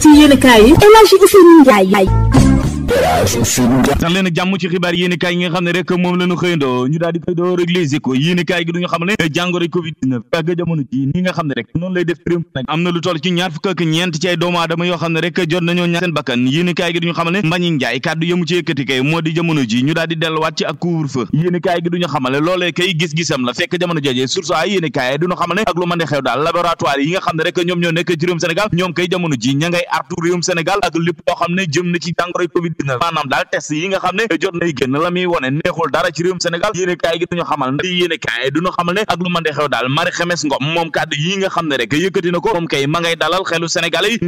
ci yéen kaay yi El Hadji dal leen ak ci xibaar yéen yi nga xam ne rek moom la xëyandoo ñu daal di koy ci ñaar fukk ak ñeent yi nga xam ne rek ñoom ñoo nekk ci réewum Sénégal ñoom kay jamono ji ña ngay Sénégal ak lépp loo xam ne jëm na ci jàngoro covid tribunal maanaam daal test yi xam ne jot nay génn la muy wone neexul dara ci réewum Sénégal yéene kaay gi duñu xamal ndax yéene kaay duñu xamal ne ak lu mën de xew daal Marie Khemesse Ngom moom kàddu yi xam ne rek yëkkati na ko moom kay ma ngay dalal xelu Sénégal yi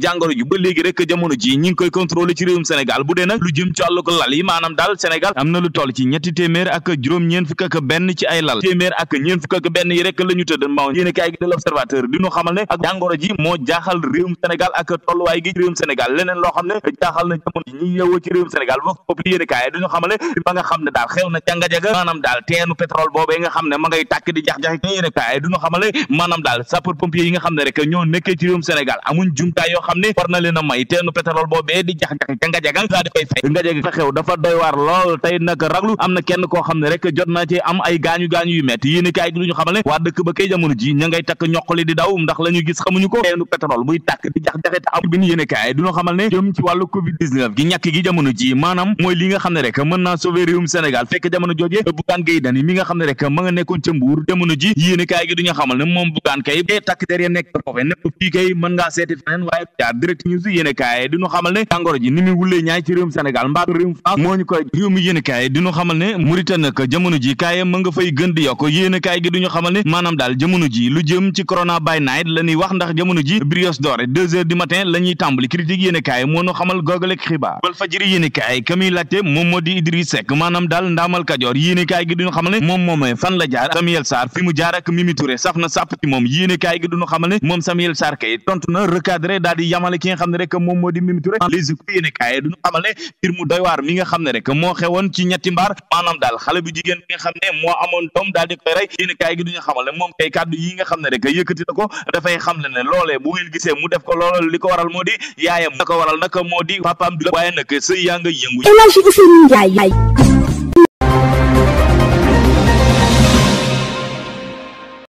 jàngoro ji ba léegi rek jamono ji ñi ngi koy contrôler ci réewum Sénégal bu dee nag lu jëm ci wàllu ko lal yi maanaam daal Sénégal na lu toll ci ñetti téeméer ak ñeen fukk ak benn ay ak ñeen fukk ak benn yi rek la ñu tëdd mbaw yéene ne ak jàngoro ji moo jaaxal réewum Sénégal ak tolluwaay gi réewum Sénégal leneen loo xam ne jaaxal na jamono ji yeewoo ci réewum Sénégal vox populi yéen kaay duñu xamale ba nga xam ne daal xew na cangajaga maanaam daal teenu pétrole boobee nga xam ne ma ngay tàkk di jax-jax te yéen kaay duñu xamale maanaam daal yi nga xam ne rek ñoo nekkee ci réewum Sénégal amuñ jumtaay yoo xam ne war leen a may teenu pétrole boobee di jax-jax cangajaga daa di koy xew dafa doy waar lool tey nag raglu am na kenn koo xam ne rek jot na ci am ay gaañu gaañu yu metti yéen kaay gi duñu waa dëkk ba kay jamono ji ña ngay takk ñoqali di daw ndax la gis xamuñu ko teenu pétrole buy tàkk di jax ñàkk gi jamono ji maanaam mooy li nga xam ne rek ma nga nekkoon ca Mbuur seeti feneen waaye direct news yéen kaay xamal ne jàngoro ji ni ji kaay ma nga fay gën di yokk yéen gi duñu xamal ne maanaam daal jamono ji lu jëm ci corona by night la ñuy wax ndax jamono moo ñu xamal googale xibaar wal fajiri yéene kaay ka muy laajte moom moo di Idriss Seck maanaam daal ndaamal kajoor yéene kaay gi duñu xamal ne moom moomee kay tontu na recadré yamale ki nga xam rek moom moo di Mimi Touré les écoles yéene kay kàddu yi nga rek yëkkati na ko dafay ne loolee bu ngeen gisee mu def ko loolu li ko waral moo di yaayam da ko waral nag moo di du waaye nag sëy yaa nga yëngu El Hadji Ousseynou Ndiaye